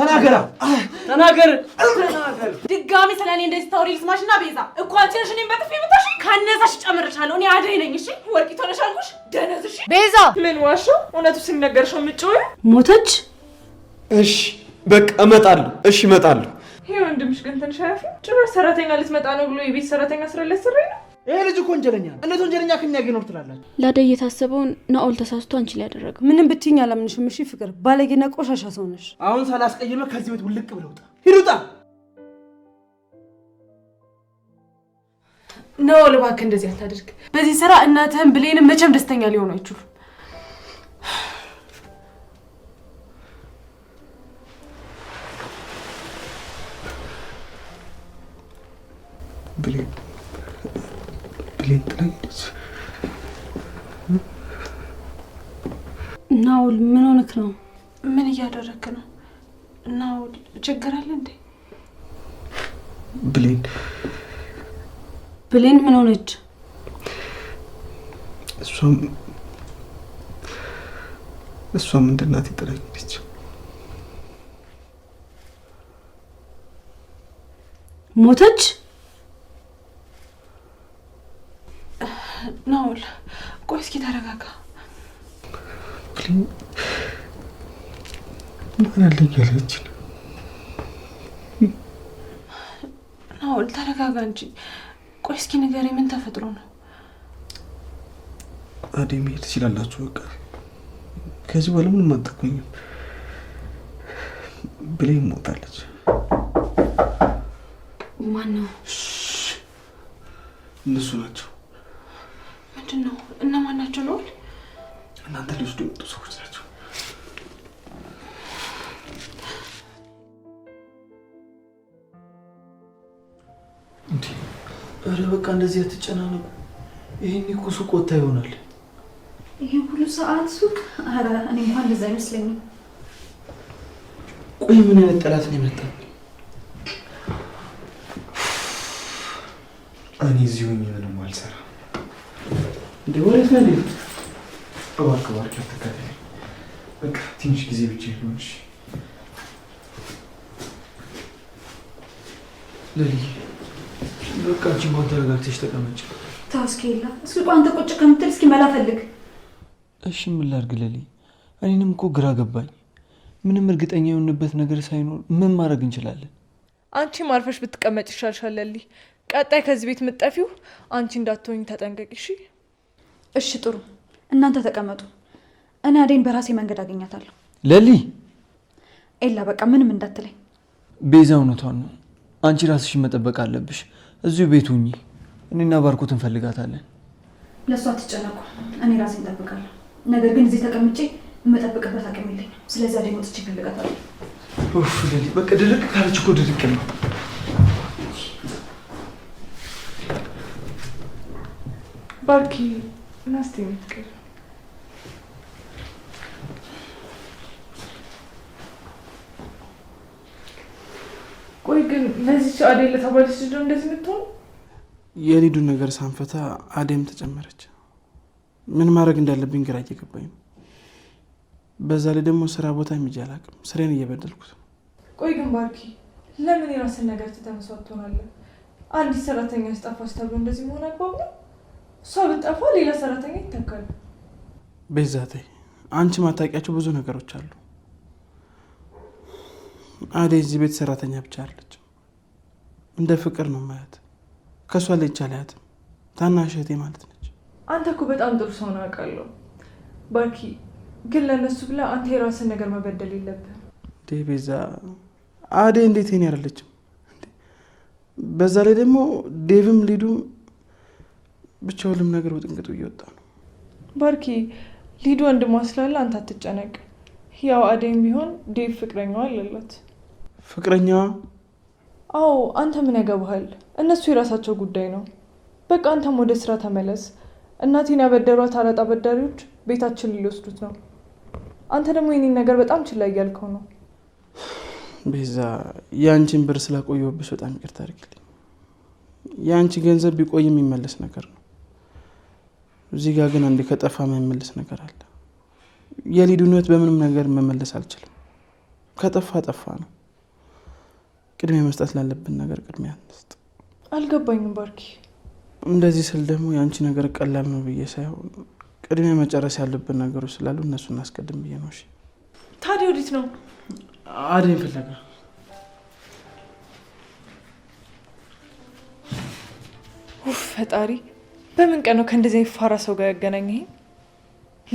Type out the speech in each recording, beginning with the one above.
ተናገራ ተናገር። ተናገር። ድጋሚ ስለ እኔ እንደዚህ ታውሪ ልስማሽ ቤዛ እኮ አንቺ ነሽ እኔን በጥፊ የምታሽ። ካነሳሽ እጨምርሻለሁ። እኔ አደይ ነኝ። እሺ ወርቂ ሆነሽ ደነዝሽ ቤዛ። ምን ዋሾ እውነቱ ሲነገርሽው የምትጮይው ሞተች። እሺ በቃ እመጣለሁ። እሺ እመጣለሁ። ይሄ ወንድምሽ ግን ትንሽ አያፊ ጭራሽ ሰራተኛ ልትመጣ ነው ብሎ የቤት ሰራተኛ ስራ ሊያሰራኝ ነው ይሄ ልጅ እኮ ወንጀለኛ ነው። እንዴት ወንጀለኛ ከኛ ጋር ይኖር ትላላችሁ? ላደይ እየታሰበውን ናኦል ተሳስቶ አንቺ ላይ ያደረገው ምንም ብትይኝ አላምንሽም። እሺ ፍቅር፣ ባለጌና ቆሻሻ ሰው ነሽ። አሁን ሳላስቀይመ ከዚህ ቤት ውልቅ ብለው ውጣ፣ ሂድ፣ ውጣ። ናኦል እባክህ እንደዚህ አታድርግ። በዚህ ስራ እናትህን ብሌንም መቼም ደስተኛ ሊሆኑ አይችሉም። ብሌን ላይ ጥላኝ ሄደች። ናውል ምን ሆነክ ነው? ምን እያደረክ ነው? ናውል ችግር አለ እንዴ? ብሌን ብሌን ምን ሆነች? እሷም እሷም ምንድን ሄደች። ሞተች? ፕሊን ምን አለ እያለች ናኦል ተረጋጋ እንጂ። ቆይ እስኪ ንገረኝ፣ ምን ተፈጥሮ ነው? አዴ መሄድ ትችላላችሁ። በቃ ከዚህ በኋላ ምንም አጠቆኝም ብላ ይሞታለች። ማን ነው? እነሱ ናቸው። ምንድን ነው? እነማን ናቸው? ነውል እናንተ ሊወስዱ የመጡ ሰዎች ናቸው። ኧረ በቃ እንደዚህ አትጨናነቁ። ይህን እኮ ሱቅ ወታ ይሆናል። ይህ ሁሉ ሰዓት ሱቅ? አረ እኔ እንኳን እንደዚ አይመስለኝም። ቆይ ምን አይነት ጠላት ነው የመጣ? እኔ እዚሁ ምንም አልሰራ እንደ ወሬት ነው እባክህ እባክህ አትከታተል። በቃ ትንሽ ጊዜ ብቻ ይሆንሽ ለልይ በቃ አንቺ እንኳን ተረጋግተሽ ተቀመጭ። ተው እስኪ የለ እስኪ ቆይ አንተ ቁጭ ከምትል እስኪ መላ ፈልግ። እሺ ምን ላድርግ ለልይ? እኔንም እኮ ግራ ገባኝ። ምንም እርግጠኛ የሆንበት ነገር ሳይኖር ምን ማድረግ እንችላለን? አንቺም አርፈሽ ብትቀመጭ ይሻልሻል ቀጣይ ከዚህ ቤት የምትጠፊው አንቺ እንዳትሆኝ ተጠንቀቂ። እሺ እሺ፣ ጥሩ እናንተ ተቀመጡ፣ እኔ አዴን በራሴ መንገድ አገኛታለሁ። ለሊ ኤላ፣ በቃ ምንም እንዳትለኝ። ቤዛ እውነቷን ነው። አንቺ ራስሽን መጠበቅ አለብሽ። እዚሁ ቤት ሁኚ። እኔና ባርኮት እንፈልጋታለን። ለእሷ አትጨነቁ፣ እኔ ራሴ እንጠብቃለሁ። ነገር ግን እዚህ ተቀምጬ የምጠብቅበት አቅም የለኝም። ስለዚህ አዴን ወጥቼ እፈልጋታለሁ። በቃ ድርቅ ካለች እኮ ድርቅ ነው። ባርኪ ናስቴ የምትቀር ቆይ ግን ለዚች አዴ ለተባለች ልጅ እንደዚህ ምትሆን የሊዱን ነገር ሳንፈታ አዴም ተጨመረች። ምን ማድረግ እንዳለብኝ ግራ እየገባኝ ነው። በዛ ላይ ደግሞ ስራ ቦታ የሚጃ አላውቅም። እየበደልኩት ቆይ ግን ባርኪ፣ ለምን የራስን ነገር ትተመሷ ትሆናለ አንዲት ሰራተኛ ስጠፋች ተብሎ እንደዚህ መሆን አግባብ ነው? እሷ ብጠፋ ሌላ ሰራተኛ ይተካል። ቤዛቴ፣ አንቺ ማታቂያቸው ብዙ ነገሮች አሉ አደይ እዚህ ቤት ሰራተኛ ብቻ አለች። እንደ ፍቅር ነው ማለት ከእሷ ላይ ይቻላያትም ታናሽ እህቴ ማለት ነች። አንተ እኮ በጣም ጥሩ ሰውን ነው አውቃለሁ። ባርኪ ግን ለእነሱ ብላ አንተ የራስን ነገር መበደል የለብህም። እንዴ ቤዛ፣ አደይ እንዴት ይሄን ያለችም? በዛ ላይ ደግሞ ዴቭም ሊዱም ብቻ ሁሉም ነገር ውጥንቅጡ እየወጣ ነው። ባርኪ ሊዱ ወንድሟ ስላለ አንተ አትጨነቅ። ያው አደይም ቢሆን ዴቭ ፍቅረኛዋ አለላት። ፍቅረኛ? አዎ፣ አንተ ምን ያገባሃል? እነሱ የራሳቸው ጉዳይ ነው። በቃ አንተም ወደ ስራ ተመለስ። እናቴን ያበደሯት አራጣ አበዳሪዎች ቤታችን ሊወስዱት ነው። አንተ ደግሞ የኔን ነገር በጣም ችላ እያልከው ነው። ቤዛ፣ የአንቺን ብር ስላቆየሁብሽ በጣም ይቅርታ አድርግልኝ። የአንቺ ገንዘብ ቢቆይ የሚመለስ ነገር ነው። እዚህ ጋር ግን አንዴ ከጠፋ የማይመለስ ነገር አለ። የሊዱነት በምንም ነገር መመለስ አልችልም። ከጠፋ ጠፋ ነው። ቅድሚያ መስጠት ላለብን ነገር ቅድሚያ እንስጥ። አልገባኝም ባርኪ። እንደዚህ ስል ደግሞ የአንቺ ነገር ቀላል ነው ብዬ ሳይሆን ቅድሚያ መጨረስ ያለብን ነገሮች ስላሉ እነሱ እናስቀድም ብዬ ነው። ታዲያ ወዴት ነው? አደይን ፍለጋ። ፈጣሪ፣ በምን ቀን ነው ከእንደዚህ ፋራ ሰው ጋር ያገናኘኝ?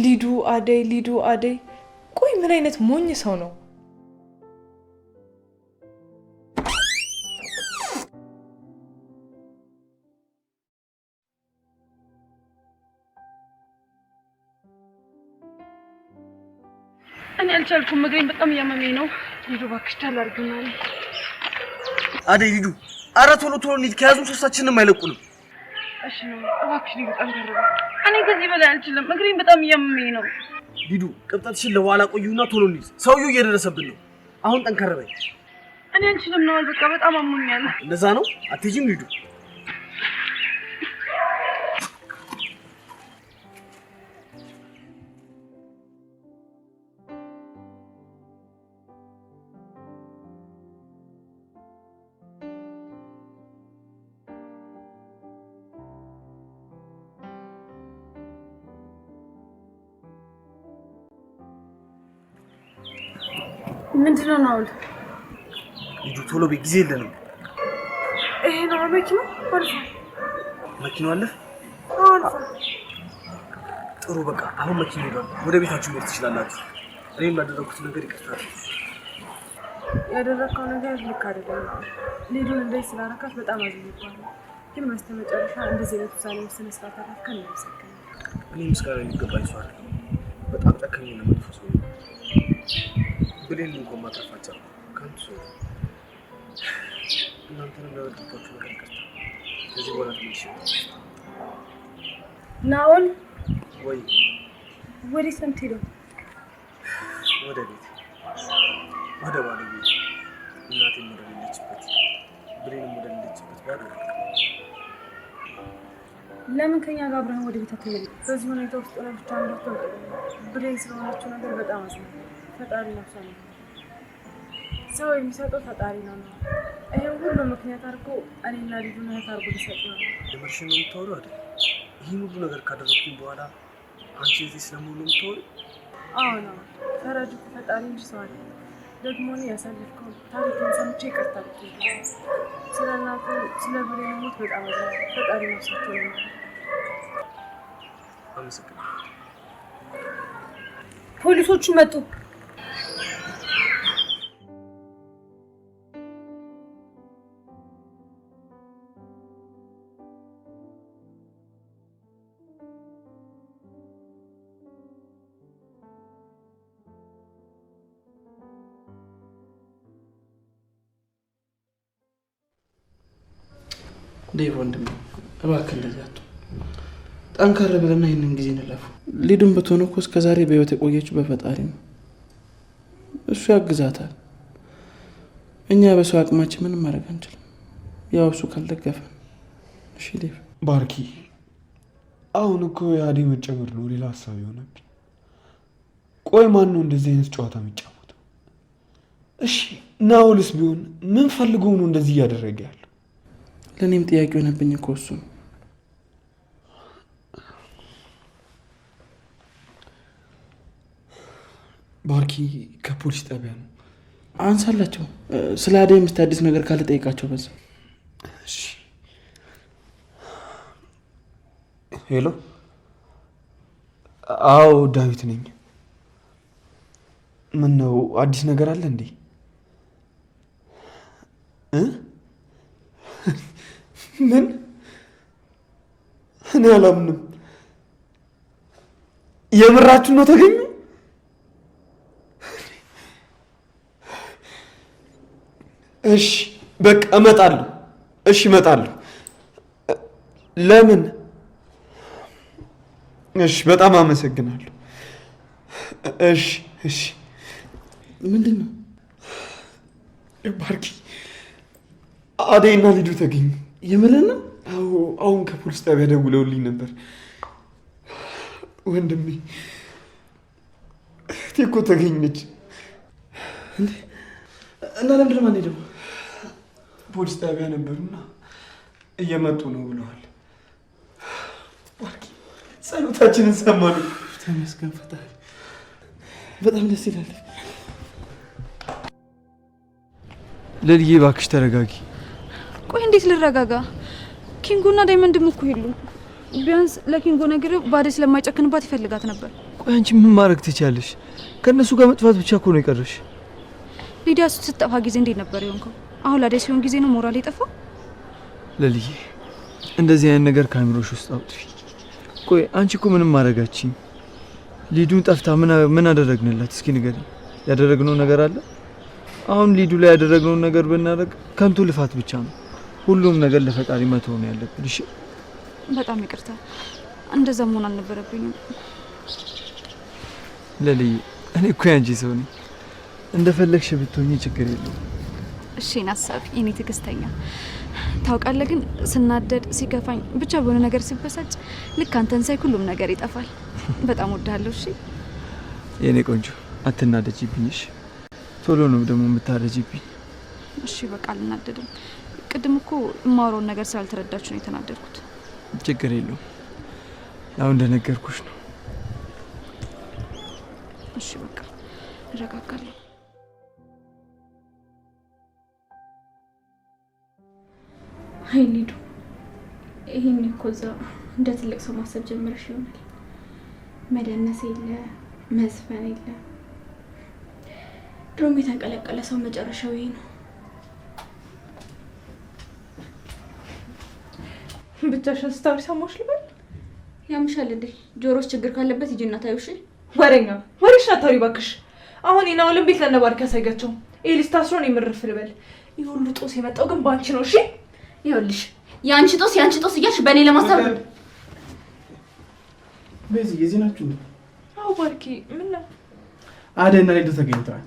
ሊዱ አደይ፣ ሊዱ አደይ። ቆይ ምን አይነት ሞኝ ሰው ነው? አልቻልኩም። እግሬን በጣም እያመመኝ ነው። ልጁ እባክሽ ታላርግናል። አደይ ልጁ ኧረ ቶሎ ቶሎ እንሂድ፣ ከያዙን ሶስታችንም አይለቁንም። እሺ ነው እባክሽ ልጁ በጣም እኔ ከዚህ በላይ አልችልም። እግሬን በጣም እያመመኝ ነው። ሂዱ ቅብጠትሽን ለበኋላ ቆዩና ቶሎ እንሂድ። ሰውየው እየደረሰብን ነው። አሁን ጠንከር በይ። እኔ አልችልም ነው በቃ በጣም አሞኛል። እንደዛ ነው አትሄጂም? ሂዱ ነው አሁን ልጁ ቶሎ ቤት ጊዜ የለንም። ይሄ ነው መኪናው። አልፏል። አልፏል አለ ጥሩ በቃ አሁን መኪና ይሏል። ወደ ቤታችሁ መሄድ ትችላላችሁ። እኔም ላደረኩት ነገር ይቀርታል። ያደረግከው ነገር ልክ አይደለም። እንደዚህ ስላረካት በጣም አዝኝባለ። ግን በስተመጨረሻ እንደዚህ አይነት ውሳኔ እኔ ምስጋና በጣም ጨካኝ ነው መጥፎ ሰው በሌሉ እንኳን ማትረፋቸው ከንቱ እናንተን የሚያወድባችሁ ነገር ቀርታ ከዚህ በኋላ ትንሽ ናኦል፣ ወይ ወዴት ነው ወደ ቤት ወደ ባለ ቤት እናቴን ወደ ሌለችበት ብሬንም ለምን ከኛ ጋር አብረን ወደ ቤት አትሄድም? በዚህ ሁኔታ ውስጥ ሆነ ብቻ ብሬን ነገር በጣም አዝናለሁ። ፈጣሪ ነው ሰው ሰው የሚሰጠው ፈጣሪ ነው ነው። ይሄ ሁሉ ምክንያት አድርጎ እኔና ልጁን እህት አድርጎ ሊሰጥ ነው። የመርሽን ነው የምታወሉ አይደል? ይህን ሁሉ ነገር ካደረግኩኝ በኋላ አንቺ እዚህ ስለመሆኑ የምታወሉ? አዎ ነው። ፈረዱ ፈጣሪ እንጂ ሰው አለ። ደግሞ እኔ ያሳለፍከው ታሪክን ሰምቼ ይቅርታ ብትይዝ ስለ እናቱ ስለ ብሬ ሞት በጣም አዝ ፈጣሪ ነፍሳቸው ነው። አመሰግናለሁ። ፖሊሶቹ መጡ። ዴቭ ወንድም እባክህ እንደዚህ ጠንከር ብለና ይህንን ጊዜ እንለፉ። ሊዱን ብትሆን እኮ እስከ ዛሬ በህይወት የቆየችው በፈጣሪ ነው። እሱ ያግዛታል። እኛ በሰው አቅማችን ምንም ማድረግ አንችልም። ያው እሱ ካልደገፈን። እሺ ዴቭ። ባርኪ አሁን እኮ የአዴ መጨመር ነው ሌላ ሀሳብ የሆነብኝ። ቆይ ማን ነው እንደዚህ አይነት ጨዋታ የሚጫወተው? እሺ ናውልስ ቢሆን ምን ፈልገው ነው እንደዚህ እያደረገ ያለ? ለእኔም ጥያቄ ሆነብኝ እኮ እሱ። ባርኪ ከፖሊስ ጣቢያ ነው። አንሳላቸው። ስለ አደ የምታይ አዲስ ነገር ካለ ጠይቃቸው። በዛ ሄሎ። አዎ ዳዊት ነኝ። ምን ነው አዲስ ነገር አለ እንዴ? ምን? እኔ አላምንም። የምራችሁ ነው ተገኙ? እሺ በቃ እመጣለሁ። እሺ እመጣለሁ። ለምን? እሺ በጣም አመሰግናለሁ። እሺ እሺ። ምንድን ነው ባርኪ? አደይና ልጁ ተገኙ። የምልና አሁን ከፖሊስ ጣቢያ ደውለውልኝ ነበር። ወንድሜ እህቴ እኮ ተገኘች። እና ለምንድን ነው የማንሄደው? ፖሊስ ጣቢያ ነበሩና እየመጡ ነው ብለዋል። ጸሎታችንን ሰማሉ። ተመስገን ፈጣሪ። በጣም ደስ ይላል። ለልዬ እባክሽ ተረጋጊ። ቆይ እንዴት ልረጋጋ? ኪንጉና ዳይመንድም እኮ ይሉ ቢያንስ ለኪንጎ ነገር ባዴ ስለማይጨክንባት ይፈልጋት ነበር። ቆይ አንቺ ምን ማድረግ ትቻለሽ? ከእነሱ ጋር መጥፋት ብቻ እኮ ነው የቀረሽ። ሊዲያ ስትጠፋ ጊዜ እንዴት ነበር የሆንከው? አሁን ላዴ ሲሆን ጊዜ ነው ሞራል የጠፋው። ለልዬ እንደዚህ አይነት ነገር ከአእምሮሽ ውስጥ አውጥ። ቆይ አንቺ እኮ ምንም ማድረጋች? ሊዱን ጠፍታ ምን አደረግንላት? እስኪ ንገሪኝ። ያደረግነው ነገር አለ? አሁን ሊዱ ላይ ያደረግነውን ነገር ብናደርግ ከንቱ ልፋት ብቻ ነው። ሁሉም ነገር ለፈጣሪ መተው ነው ያለብን። እሺ፣ በጣም ይቅርታ፣ እንደዛ መሆን አልነበረብኝም። ለልዬ፣ እኔ እኮ ያንቺ ሰው ነኝ። እንደፈለግሽ ብትሆኚ ችግር የለውም። እሺ፣ ናሳብ እኔ ትዕግስተኛ ታውቃለህ፣ ግን ስናደድ፣ ሲከፋኝ፣ ብቻ በሆነ ነገር ሲበሳጭ ልክ አንተን ሳይ ሁሉም ነገር ይጠፋል። በጣም ወዳለሁ። እሺ የኔ ቆንጆ፣ አትናደጂብኝ። እሺ፣ ቶሎ ነው ደግሞ የምታረጂብኝ። እሺ፣ በቃ አልናደድም። ቅድም እኮ እማሮን ነገር ስላልተረዳችሁ ነው የተናደድኩት። ችግር የለውም ያው እንደነገርኩሽ ነው። እሺ በቃ እረጋጋለሁ። አይ ይህን እኮ እዛ እንደ ትልቅ ሰው ማሰብ ጀምረሽ ይሆናል። መደነስ የለ መዝፈን የለ ድሮም የተንቀለቀለ ሰው መጨረሻው ይሄ ነው። ብቻሽን ስታወሪ ሰማሁሽ ልበል? ያምሻል እንዴ? ጆሮስ ችግር ካለበት ሂጂና ታዩ። እሺ ወሬኛ ወሬሽ ናታሪ ባክሽ። አሁን ይና ሁሉም ቤት ለነባርክ ያሳያቸው ኤሊስ ታስሮ ነው የምርፍ ልበል። ይህ ሁሉ ጦስ የመጣው ግን በአንቺ ነው። እሺ ይኸውልሽ፣ የአንቺ ጦስ የአንቺ ጦስ እያልሽ በእኔ ለማሰብ በዚህ የዚህ ናችሁ እንዴ? አዎ ባርኪ፣ ምን ነው አደና ላይ ተገኝተዋል።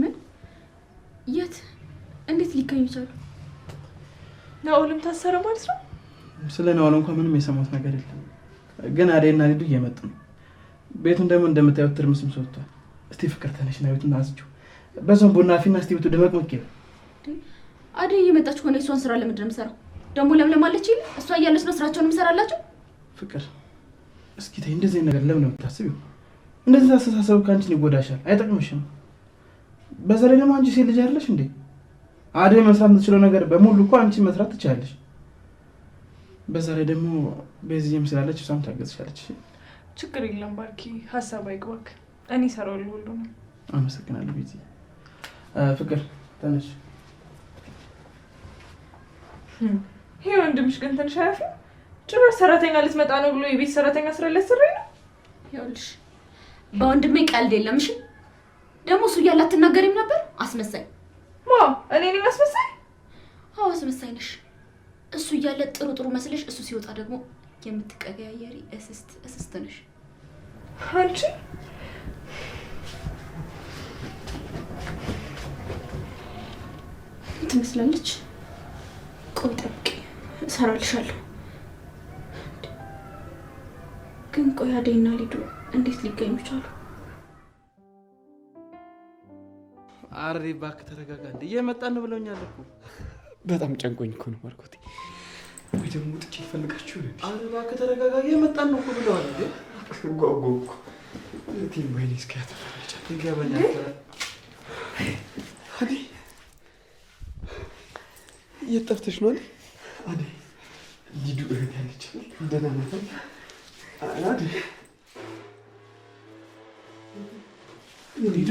ምን? የት? እንዴት ሊገኙ ይችላሉ? ናኦልም ታሰረ ማለት ነው። ስለ ናኦል እንኳን ምንም የሰማሁት ነገር የለም። ግን አዴና ሊዱ እየመጡ ነው። ቤቱን ደግሞ እንደምታዩት ትርምስም ሰጥቷል። እስቲ ፍቅር ተነሽ ናዩቱን አዝጁ። በዛም ቡና ፊና እስቲ ቤቱ ድመቅ ሞቅ ይበል። እየመጣች ከሆነ የሷን ስራ ለምንድን ነው የምሰራው? ደግሞ ለምለም አለች ይል እሷ እያለች ነው ስራቸውን የምሰራላቸው። ፍቅር እስኪ ተይ፣ እንደዚህ ነገር ለምን ነው የምታስቢው? እንደዚህ አስተሳሰብ ከአንቺን ይጎዳሻል፣ አይጠቅምሽም። በዛ ላይ ደግሞ አንቺ ሴት ልጅ አይደለሽ እንዴ? አደይ መስራት የምትችለው ነገር በሙሉ እኮ አንቺ መስራት ትችላለች። በዛ ላይ ደግሞ በዚህም ስላለች እሷም ታገዝሻለች። ችግር የለም ባርኪ፣ ሀሳብ አይግባክ። እኔ እሰራዋለሁ ነው። አመሰግናለሁ ቤቲ። ፍቅር ተነሽ። ይህ ወንድምሽ ግን ትንሽ አያፊ ጭራሽ ሰራተኛ ልትመጣ ነው ብሎ የቤት ሰራተኛ ስራ ሊያሰራኝ ነው። ይኸውልሽ በወንድሜ ቀልድ የለምሽ። ደግሞ እሱ እያለ አትናገሪም ነበር አስመሳይ እኔ ነኝ አስመሳይ? አዎ አስመሳይ ነሽ። እሱ እያለ ጥሩ ጥሩ መስለሽ፣ እሱ ሲወጣ ደግሞ የምትቀያየሪ እስስት እስስት ነሽ አንቺ። ትመስላለች። ቆይ ጠብቂ፣ እሰራልሻለሁ። ግን ቆይ አደይና ሊዱ እንዴት ሊገኙ ቻሉ? አሬ እባክህ ተረጋጋ። እንደ እየመጣን ነው ብለውኛል እኮ በጣም ጨንቆኝ እኮ ነው ማርኮቴ። ወይ ደግሞ ጥቂት ይፈልጋችሁ ነው። አሬ እባክህ ተረጋጋ፣ እየመጣን ነው እኮ ብለዋል። እንደ ጓጓ እኮ ቲም ባይኔ እስኪያተፈረጫ ይገበኛል አዴ የት ጠፍተሽ ነው? አዴ ሊዱ እህት ያለች ደህና ናት? አዴ ሊዱ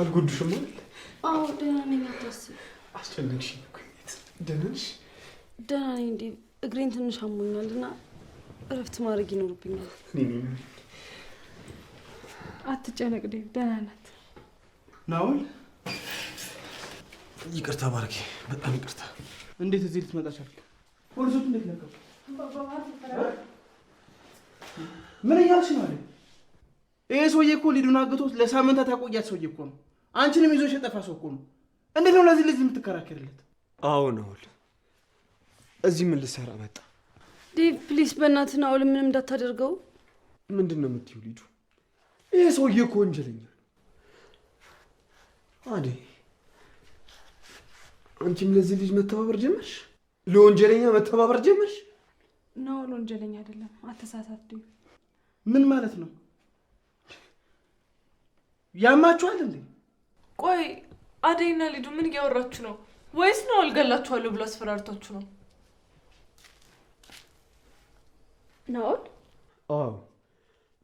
አልጎዱሽም? አዎ ደህና ነኝ። አታስብ። አስጨነቅሽኝ እኮ ደህና ነሽ? ደህና ነኝ። እግሬን ትንሽ አሞኛል እና እረፍት ማድረግ ይኖርብኛል። አትጨነቅ ዴ ደህና ናት። ናውል ይቅርታ በጣም ይቅርታ። እንዴት እዚህ ልትመጣ ቻልክ? እንዴት ምን እያልሽ ነው? ይሄ ሰውዬ እኮ ሊዱን አግቶ ለሳምንታት ያቆያት ሰውዬ እኮ ነው። አንቺንም ይዞ የጠፋ ሰው እኮ ነው። እንዴት ነው ለዚህ ልጅ የምትከራከርለት? አዎ ናውል፣ እዚህ ምን ልሰራ መጣ? ዴቭ ፕሊስ፣ በእናትህ ናውል፣ ምንም እንዳታደርገው። ምንድን ነው የምትዩ? ሊዱ፣ ይሄ ሰውዬ እኮ ወንጀለኛ ነው። አዴ፣ አንቺም ለዚህ ልጅ መተባበር ጀመርሽ? ለወንጀለኛ መተባበር ጀመርሽ? ናውል ወንጀለኛ አይደለም፣ አተሳሳት። ምን ማለት ነው? ያማችኋል እንዴ? ቆይ አደይና ሊዱ ምን እያወራችሁ ነው? ወይስ ነው አልገላችኋለሁ ብሎ አስፈራርታችሁ ነው? ናኦል አዎ፣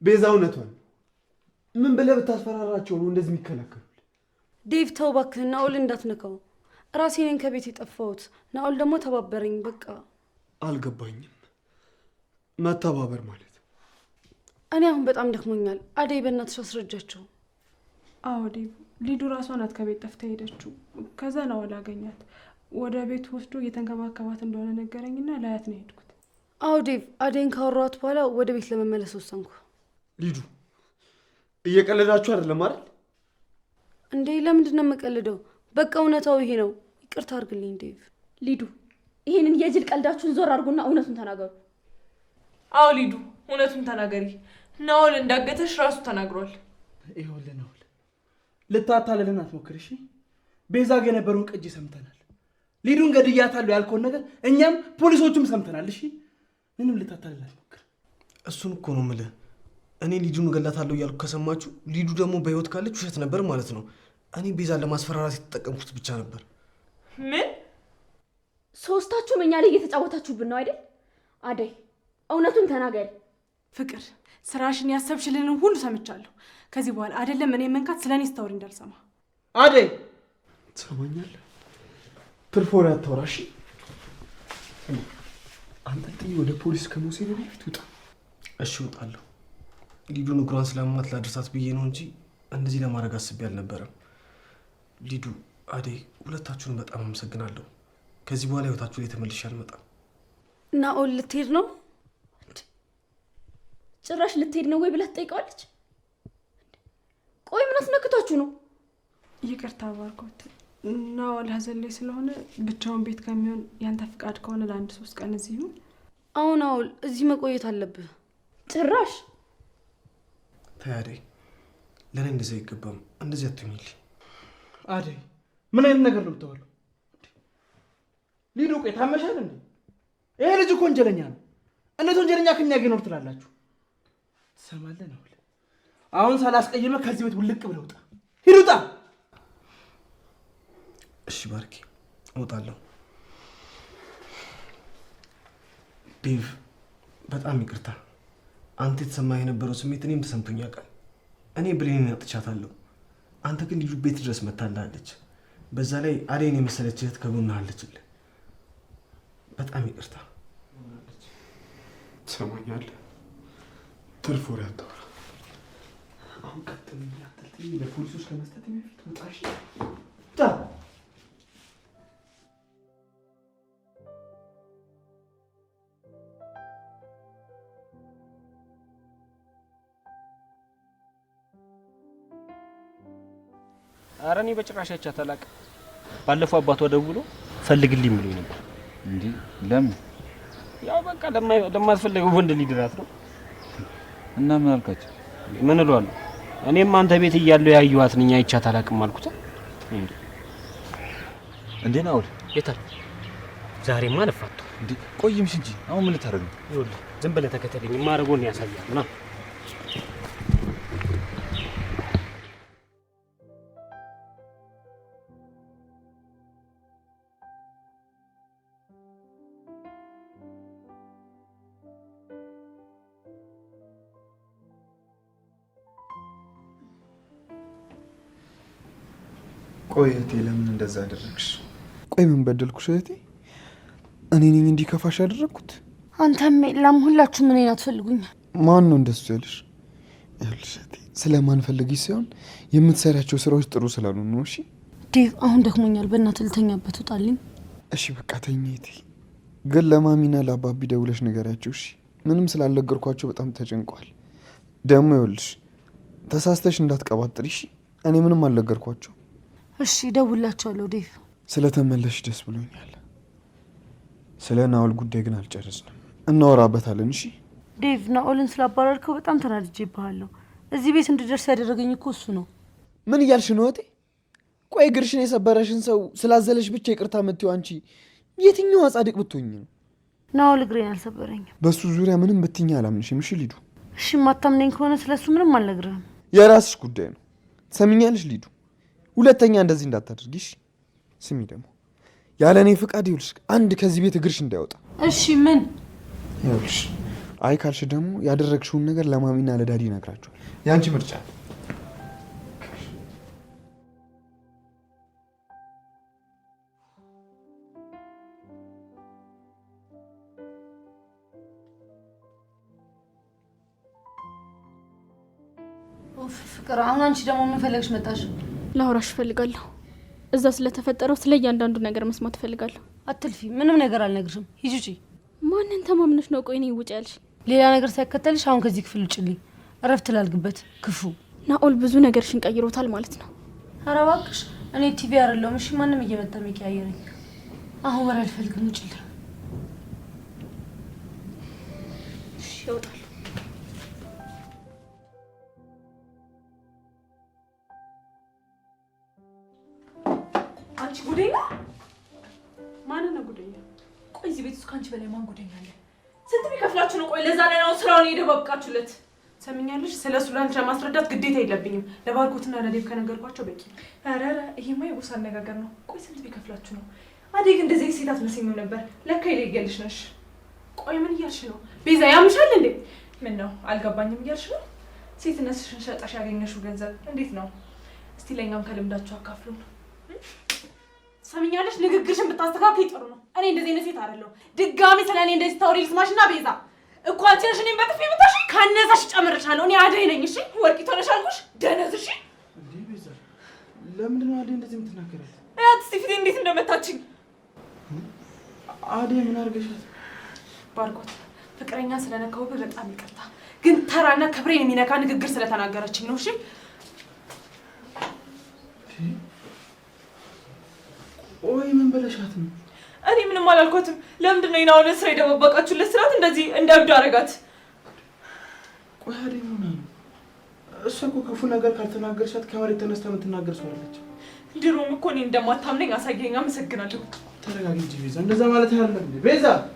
ቤዛ እውነቷን ምን ብለህ ብታስፈራራቸው ነው እንደዚህ የሚከላከሉል? ዴቭ ተው እባክህ፣ ናኦል እንዳትነካው። ራሴንን ከቤት የጠፋሁት። ናኦል ደግሞ ተባበረኝ። በቃ አልገባኝም። መተባበር ማለት እኔ አሁን በጣም ደክሞኛል። አደይ በእናትሽ አስረጃቸው። አዎ ዴቭ፣ ሊዱ ራሷ ናት ከቤት ጠፍታ ሄደችው። ከዛ ነው አላገኛት ወደ ቤት ወስዶ እየተንከባከባት እንደሆነ ነገረኝና ላያት ነው ሄድኩት። አዎ ዴቭ፣ አደይን ካወሯት በኋላ ወደ ቤት ለመመለስ ወሰንኩ። ሊዱ፣ እየቀለዳችሁ አይደለም አይደል? እንዴ ለምንድን ነው የምቀልደው? በቃ እውነታው ይሄ ነው። ይቅርታ አድርግልኝ ዴቭ። ሊዱ፣ ይህንን የጅል ቀልዳችሁን ዞር አድርጉና እውነቱን ተናገሩ። አዎ ሊዱ፣ እውነቱን ተናገሪ። ናኦል እንዳገተሽ ራሱ ተናግሯል። ይኸውልህ ነው ልታታልልን አትሞክር እሺ። ቤዛ ጋ የነበረውን ቅጂ ሰምተናል። ሊዱን ገድያታለሁ ያልከውን ነገር እኛም ፖሊሶቹም ሰምተናል። እሺ፣ ምንም ልታታልልን አትሞክር። እሱን እኮ ነው ምልህ። እኔ ሊዱን ገላታለሁ እያልኩ ከሰማችሁ፣ ሊዱ ደግሞ በህይወት ካለች ውሸት ነበር ማለት ነው። እኔ ቤዛን ለማስፈራራት የተጠቀምኩት ብቻ ነበር። ምን ሶስታችሁም እኛ ላይ እየተጫወታችሁብን ነው አይደል? አደይ እውነቱን ተናገሪ ፍቅር ስራሽን ያሰብሽልንን ሁሉ ሰምቻለሁ። ከዚህ በኋላ አይደለም እኔ መንካት ስለ እኔ ስታወሪ እንዳልሰማ። አደይ ትሰማኛለህ? ትርፍ ወሬ አንጠልጥዬ ወደ ፖሊስ ከመውሰድ በፊት ውጣ። እሺ እወጣለሁ። ሊዱን እግሯን ስለማት ላድርሳት ብዬ ነው እንጂ እንደዚህ ለማድረግ አስቤ አልነበረም። ሊዱ፣ አደይ ሁለታችሁን በጣም አመሰግናለሁ። ከዚህ በኋላ ህይወታችሁ ላይ ተመልሼ አልመጣም። ናኦል ልትሄድ ነው? ጭራሽ ልትሄድ ነው ወይ ብላ ትጠይቀዋለች። ቆይ ምን አስነክቷችሁ ነው? ይቅርታ ባርኮት እና ላይ ስለሆነ ብቻውን ቤት ከሚሆን ያንተ ፍቃድ ከሆነ ለአንድ ሶስት ቀን እዚህ ይሁን። አሁን አውል እዚህ መቆየት አለብህ። ጭራሽ አደይ፣ ለእኔ እንደዚ አይገባም። እንደዚህ አትሆኝልኝ አደይ። ምን አይነት ነገር ነው ብተዋለሁ? ሊዱ ቆይ ታመሻል እንዴ? ይሄ ልጅ እኮ ወንጀለኛ ነው። እንዴት ወንጀለኛ ከኛ ጋር ይኖር ትላላችሁ? ትሰማለህ? ነው አሁን ሳላስቀየመ ከዚህ ቤት ውልቅ ብለህ ውጣ። ሂድ ውጣ። እሺ ባርኪ፣ እወጣለሁ። ዴቭ፣ በጣም ይቅርታ። አንተ የተሰማህ የነበረው ስሜት እኔም ተሰምቶኝ ያውቃል። እኔ ብሌንን አጥቻታለሁ። አንተ ግን ልጁ ቤት ድረስ መታላለች። በዛ ላይ አደይን የመሰለች እህት ከጎንህ አለችልህ። በጣም ይቅርታ። ትሰማኛለህ? ትርፍ ወሬ አታውራ። አሁን ቀጥል ያጠልጥኝ ለፖሊሶች ከመስጠት በፊት ውጣሽ። ኧረ እኔ በጭራሽ ያቻ ታላቅ ባለፈው አባቷ ደውሎ ፈልግልኝ ብሎኝ ነበር። እንዴ ለምን? ያው በቃ ለማትፈልገው ወንድ ሊድራት ነው እና ምን አልካቸው? ምን እሏል? እኔም አንተ ቤት እያለሁ ያየኋት ነኝ፣ አይቻት አላውቅም አልኩት። እንዴ ነው አውል የታል? ማለፋት እንዴ ቆይምሽ እንጂ አሁን ምን ልታደርግ ነው? ዝም ብለህ ተከተለኝ፣ ማረጎን ያሳያል ና ቆይ እህቴ ለምን እንደዛ አደረግሽ? ቆይ ምን በደልኩሽ እህቴ? እኔ ነኝ እንዲከፋሽ ያደረግኩት? አንተም የለም ሁላችሁም እኔን አትፈልጉኛል። ማን ነው እንደሱ ያለሽ? ይኸውልሽ እህቴ ስለማንፈልግሽ ሳይሆን የምትሰሪያቸው ስራዎች ጥሩ ስላሉ ነው። እሺ ዴቭ፣ አሁን ደክሞኛል። በእናትህ ልተኛበት፣ ውጣልኝ። እሺ በቃ ተኝ እህቴ። ግን ለማሚና ለአባቢ ደውለሽ ንገሪያቸው እሺ። ምንም ስላልነገርኳቸው በጣም ተጨንቀዋል ደግሞ ይኸውልሽ ተሳስተሽ እንዳትቀባጥሪ እሺ። እኔ ምንም አልነገርኳቸው እሺ እደውልላቸዋለሁ። ዴቭ ስለተመለሽ ደስ ብሎኛል። ስለ ናኦል ጉዳይ ግን አልጨረስንም፣ እናወራበታለን። እሺ ዴቭ፣ ናኦልን ስላባረርከው በጣም ይባሃለሁ። እዚህ ቤት እንድደርስ ያደረገኝ እኮ እሱ ነው። ምን እያልሽ ነው እህቴ? ቆይ ግርሽን የሰበረሽን ሰው ስላዘለሽ ብቻ ይቅርታ የምትይው አንቺ የትኛዋ ጻድቅ ብትሆኝ ነው? ናኦል እግሬን አልሰበረኝም። በእሱ ዙሪያ ምንም ብትኛ አላምንሽም። እሺ ሊዱ፣ እሺ ማታምነኝ ከሆነ ስለሱ ምንም አልነግርህም። የራስሽ ጉዳይ ነው። ትሰሚኛለሽ ሊዱ ሁለተኛ እንደዚህ እንዳታደርጊሽ። ስሚ ደግሞ ያለ እኔ ፍቃድ ይውልሽ አንድ ከዚህ ቤት እግርሽ እንዳይወጣ እሺ። ምን ይውልሽ? አይ ካልሽ ደግሞ ያደረግሽውን ነገር ለማሚና ለዳዲ ይነግራቸዋል። የአንቺ ምርጫ ፍቅር። አሁን አንቺ ደግሞ ምን ፈለግሽ መጣሽ? ላውራሽ እፈልጋለሁ። እዛ ስለተፈጠረው ስለ እያንዳንዱ ነገር መስማት እፈልጋለሁ። አትልፊ፣ ምንም ነገር አልነግርሽም። ሂጂ ውጪ። ማንን ተማምነሽ ነው? ቆይ እኔ ያልሽ? ሌላ ነገር ሳይከተልሽ አሁን ከዚህ ክፍል ውጭልኝ። እረፍት ላልግበት። ክፉ ናኦል ብዙ ነገርሽን ቀይሮታል ማለት ነው። ኧረ እባክሽ፣ እኔ ቲቪ አይደለሁም እሺ? ማንም እየመጣ የሚቀያየረኝ አሁን ወር አልፈልግም። ውጭልኝ። እሺ፣ ይወጣል። አንቺ ጉደኛ? ማንን ነው ጉደኛ? ቆይ እዚህ ቤት ውስጥ ከአንቺ በላይ ማን ጉደኛ አለ? ስንት ቢከፍላችሁ ነው? ቆይ ለዛ ላይ ነው ስራውን የደባብቃችሁለት። ሰምኛለሽ። ስለ እሱ ለአንቺ ለማስረዳት ግዴታ የለብኝም። ለባርኮትና ለዴብ ከነገርኳቸው በቂ። ኧረ ኧረ፣ ይሄማ የቦሳ አነጋገር ነው። ቆይ ስንት ቢከፍላችሁ ነው? አዴግ እንደዚህ ሴት አትመስኝም ነበር። ለካ ይለያልሽ ነሽ። ቆይ ምን እያልሽ ነው? ቤዛ ያምሻል እንዴ? ምን ነው አልገባኝም እያልሽ ነው? ሴትነትሽን ሸጠሽ ያገኘሽው ገንዘብ እንዴት ነው? እስቲ ለእኛም ከልምዳችሁ አካፍሉን። ትሰሚኛለሽ? ንግግርሽን ብታስተካክይ ጥሩ ነው። እኔ እንደዚህ አይነት ሴት አይደለሁ። ድጋሚ ስለ እኔ እንደዚህ ታወሪ ልስማሽና ቤዛ እኮ አንቺንሽ እኔም በጥፊ ብታሽ ካነሳሽ ጨምርሻለሁ። እኔ አደይ ነኝ። እሺ ወርቂ ሆነሽ አልኩሽ። ደነዝ እሺ። እንዴ ለምንድን ነው አደይ እንደዚህ የምትናገራት? እያት እስኪ ፊቴ እንዴት እንደመታችኝ። አደይ ምን አድርገሻት? ባርኮት ፍቅረኛ ስለነካሁብህ በጣም ይቅርታ፣ ግን ተራና ክብሬን የሚነካ ንግግር ስለተናገረችኝ ነው። እሺ ወይ ምን ብለሻት ነው? እኔ ምንም አላልኳትም። ለምንድን ነው ይናውን ስራ የደባበቃችሁለት? ለስራት እንደዚህ እንደ እብድ አደረጋት። ቆይ አደይ ሆና ነው። እሷ እኮ ክፉ ነገር ካልተናገርሻት ከመሬት ተነስታ የምትናገር ሰው አለች። ድሮም እኮ እኔ እንደማታምነኝ አሳየኝ። አመሰግናለሁ። ተረጋግጅ ቤዛ፣ እንደዛ ማለት ያለ ቤዛ